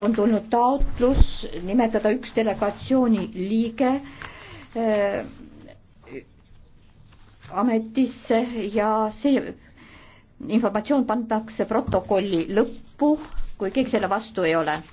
on tulnud taotlus nimetada üks delegatsiooni liige äh, ametisse ja see informatsioon pandakse protokolli lõppu, kui keegi selle vastu ei ole.